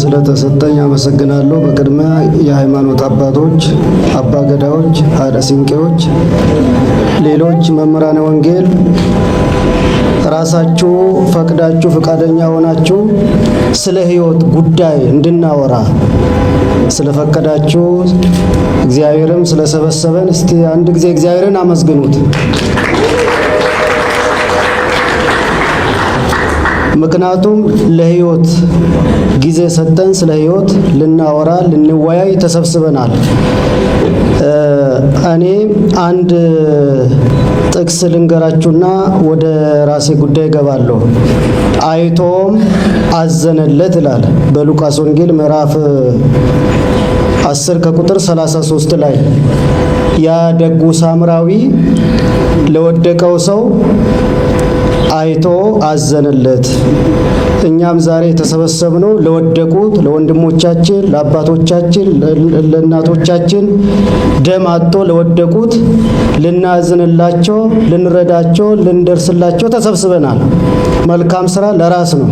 ስለተሰጠኝ አመሰግናለሁ። በቅድሚያ የሃይማኖት አባቶች፣ አባ ገዳዎች፣ አደ ሲንቄዎች፣ ሌሎች መምህራነ ወንጌል ራሳችሁ ፈቅዳችሁ ፈቃደኛ ሆናችሁ ስለ ሕይወት ጉዳይ እንድናወራ ስለፈቀዳችሁ እግዚአብሔርም ስለሰበሰበን እስቲ አንድ ጊዜ እግዚአብሔርን አመስግኑት። ምክንያቱም ለህይወት ጊዜ ሰጠን። ስለ ህይወት ልናወራ ልንወያይ ተሰብስበናል። እኔ አንድ ጥቅስ ልንገራችሁና ወደ ራሴ ጉዳይ ገባለሁ። አይቶም አዘነለት ይላል በሉቃስ ወንጌል ምዕራፍ 10 ከቁጥር 33 ላይ ያ ደጉ ሳምራዊ ለወደቀው ሰው አይቶ አዘነለት። እኛም ዛሬ የተሰበሰብነው ለወደቁት ለወንድሞቻችን፣ ለአባቶቻችን፣ ለእናቶቻችን ደም አጥቶ ለወደቁት ልናዝንላቸው፣ ልንረዳቸው፣ ልንደርስላቸው ተሰብስበናል። መልካም ስራ ለራስ ነው።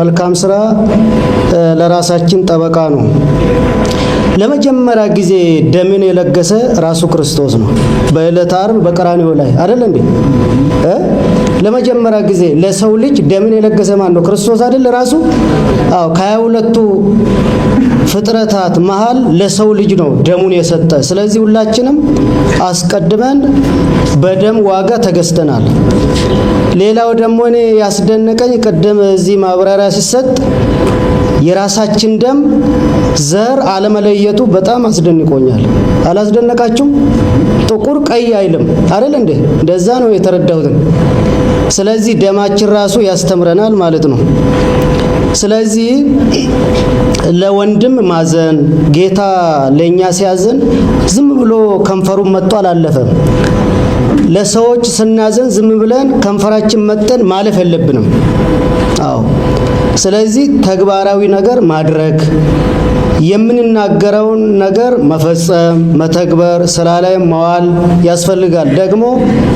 መልካም ስራ ለራሳችን ጠበቃ ነው። ለመጀመሪያ ጊዜ ደምን የለገሰ ራሱ ክርስቶስ ነው። በዕለተ ዓርብ በቀራንዮ ላይ አይደል እንዴ? ለመጀመሪያ ጊዜ ለሰው ልጅ ደምን የለገሰ ማን ነው? ክርስቶስ አይደል? ራሱ አዎ። ከሀያ ሁለቱ ፍጥረታት መሃል ለሰው ልጅ ነው ደሙን የሰጠ። ስለዚህ ሁላችንም አስቀድመን በደም ዋጋ ተገዝተናል። ሌላው ደግሞ እኔ ያስደነቀኝ ቅድም እዚህ ማብራሪያ ሲሰጥ የራሳችን ደም ዘር አለመለየቱ በጣም አስደንቆኛል። አላስደነቃችሁም? ጥቁር ቀይ አይልም አይደል እንዴ? እንደዛ ነው የተረዳሁትን። ስለዚህ ደማችን ራሱ ያስተምረናል ማለት ነው። ስለዚህ ለወንድም ማዘን ጌታ ለኛ ሲያዘን ዝም ብሎ ከንፈሩን መጥቶ አላለፈም። ለሰዎች ስናዘን ዝም ብለን ከንፈራችን መጠን ማለፍ የለብንም። አዎ ስለዚህ ተግባራዊ ነገር ማድረግ የምንናገረውን ነገር መፈጸም፣ መተግበር፣ ስራ ላይ መዋል ያስፈልጋል። ደግሞ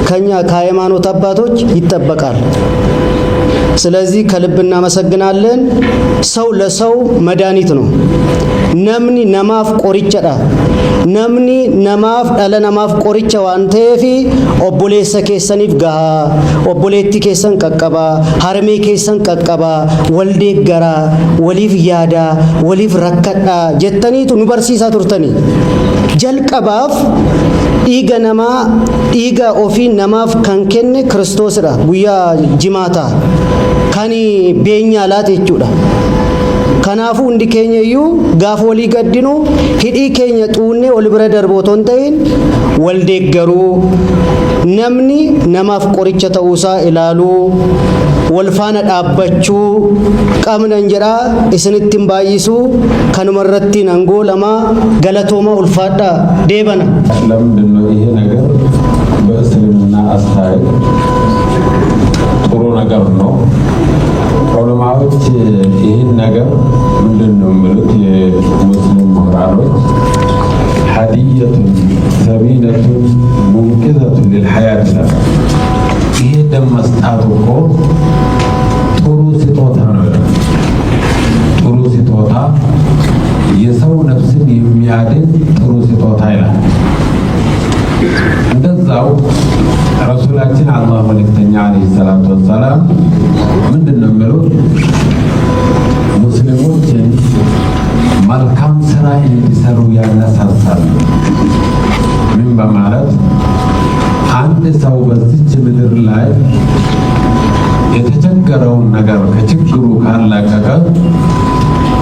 ከኛ ከሃይማኖት አባቶች ይጠበቃል። ስለዚህ ከልብ እናመሰግናለን። ሰው ለሰው መድኃኒት ነው። namni namaaf qorichadha. Namni namaaf dhala namaaf qoricha waan ta'eefi obboleessa keessaniif gahaa, obboleetti keessan qaqqabaa, harmee keessan qaqqabaa, wal deeggaraa, waliif yaadaa, waliif rakkadhaa jettaniitu nu barsiisaa turtani. Jalqabaaf dhiiga namaa dhiiga ofii namaaf kan kenne kiristoosidha guyyaa jimaataa. Kan beenyaa laata jechuudha. Kanaafuu hundi keenya iyyuu gaafa walii gaddinu hidhii keenya xuunnee wal bira darbootoon otoo ta'in wal deeggaruu namni namaaf qoricha ta'uusaa ilaaluu walfaana dhaabbachuu qabnan jedhaa isinittiin baay'isuu kanuma irrattiin hangoo lamaa galatooma ulfaadhaa deebana. ዑለማዎች ይህን ነገር ምንድን ነው የሚሉት? የሙስሊም ምሁራኖች ሀዲየቱን ሰቢነቱን ሙንቅዘቱን ልልሀያት ላ ይሄ ደም መስጣቱ እኮ ጥሩ ስጦታ ነው። ጥሩ ስጦታ የሰው ነፍስን የሚያድን ጥሩ ስጦታ ይላል እንደዛው ጌታችን አላህ መልእክተኛ አለይሂ ሰላቱ ወሰላም ምንድን ነው የሚሉት? ሙስሊሞችን መልካም ስራ እንዲሰሩ ያነሳሳሉ። ምን በማለት አንድ ሰው በዚች ምድር ላይ የተቸገረውን ነገር ከችግሩ ካላቀቀ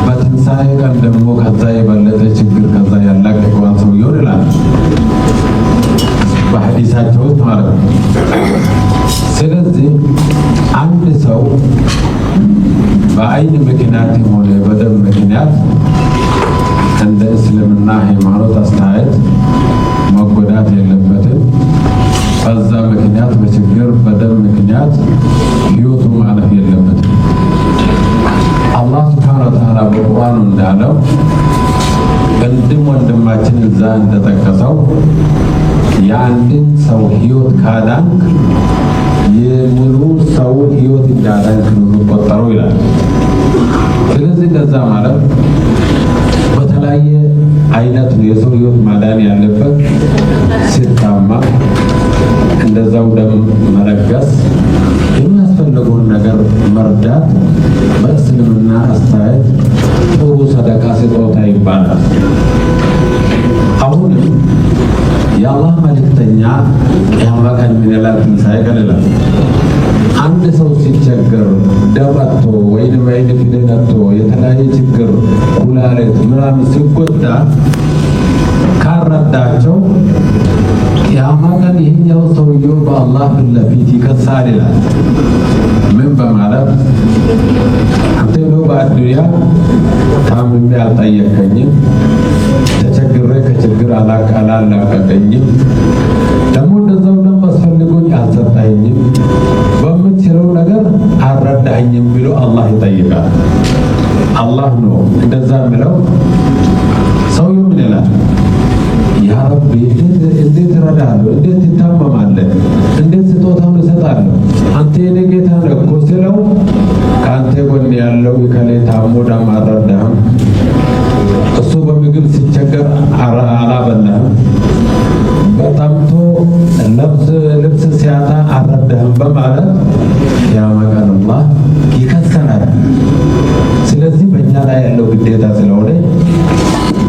በትንሣኤ ቀን ደግሞ ከዛ የበለጠ ችግር ከዛ ያላቀቀዋን ሰው ይሆን ይላል በሐዲሳቸው ማለት ነው። አንድ ሰው በአይን ምክንያት የሆነ በደም ምክንያት እንደ እስልምና ሃይማኖት አስተያየት መጎዳት የለበትም። በዛ ምክንያት በችግር በደም ምክንያት ህይወቱ ማለፍ የለበትም። አላህ ስብሓነ ወተዓላ በቁርአኑ እንዳለው እንድም ወንድማችን እዛ እንደጠቀሰው የአንድን ሰው ህይወት ካዳንክ እንዳረግ የሚቆጠረው ይላል። ስለዚህ እንደዛ ማለት በተለያየ አይነት ነው የሰው ህይወት ማዳን ያለበት ሲታማ፣ እንደዛው ደም መለገስ፣ የሚያስፈልገውን ነገር መርዳት በእስልምና አስተያየት ጥሩ ሰደቃ ስጦታ ይባላል። አሁንም የአላህ መልእክተኛ ቅያማ ቀን ምን ይላል? ቀን ይላል አንድ ሰው ሲቸገር ደባቶ ወይም አይን ፊደነቶ የተለያየ ችግር ኩላሊት ምናምን ሲጎዳ ካረዳቸው ቂያማ ቀን ይህኛው ሰውየው በአላህ ፊት ለፊት ይከሳል ይላል። ምን በማለት አንተ ነው በአዱንያ ታምሜ አልጠየከኝም፣ ተቸግሬ ከችግር አላቃላ አላቀቀኝም ብለው ሰውየው ምን ይላል? ያ ረቢ እንዴት እረዳለሁ? እንዴት ይታመማለ? እንዴት ስጦታም እሰጣለሁ? አንተ የኔ ጌታ ነህ እኮ ስለው ከአንተ ጎን ያለው ከላይ ታሞ ዳም እሱ በምግብ ሲቸገር አላበላህም፣ በጠምቶ ልብስ ሲያጣ አረዳህም በማለት ያ መቀን ይከሰናል። ላይ ያለው ግዴታ ስለሆነ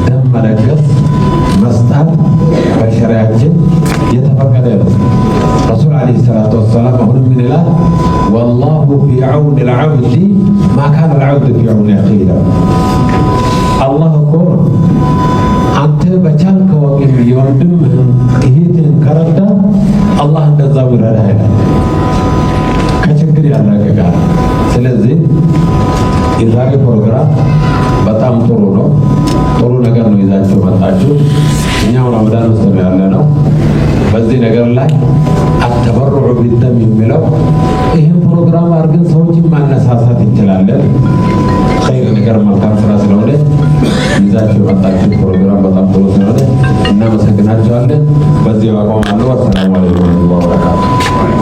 ደም መለገስ መስጠት በሸሪያችን የተፈቀደ ነው። ረሱል ዓለይሂ ሰላቱ ወሰላም አሁንም ምን ይላል? ወላሁ ፊ ዐውን ልዓብድ ማ ካነ ልዓብድ ፊ ዐውን አኺ ይላል። አላህ እኮ አንተ በቻልከው አቅም የወንድምህን እህትህን ከረዳ አላህ እንደዛው ይረዳሃል፣ ከችግር ያላቅቃል። ስለዚህ የዛሬ ፕሮግራም በጣም ጥሩ ነው። ጥሩ ነገር ነው ይዛችሁ መጣችሁ። እኛው ረመዳን ውስጥ ነው ያለ ነው። በዚህ ነገር ላይ አተበርዑ ቢደም የሚለው ይህን ፕሮግራም አድርገን ሰዎችን ማነሳሳት እንችላለን። ኸይር ነገር መልካም ስራ ስለሆነ ይዛችሁ የመጣችሁ ፕሮግራም በጣም ጥሩ ስለሆነ እናመሰግናቸዋለን። በዚህ አቆማለሁ። አሰላሙ አለይኩም ወበረካቱ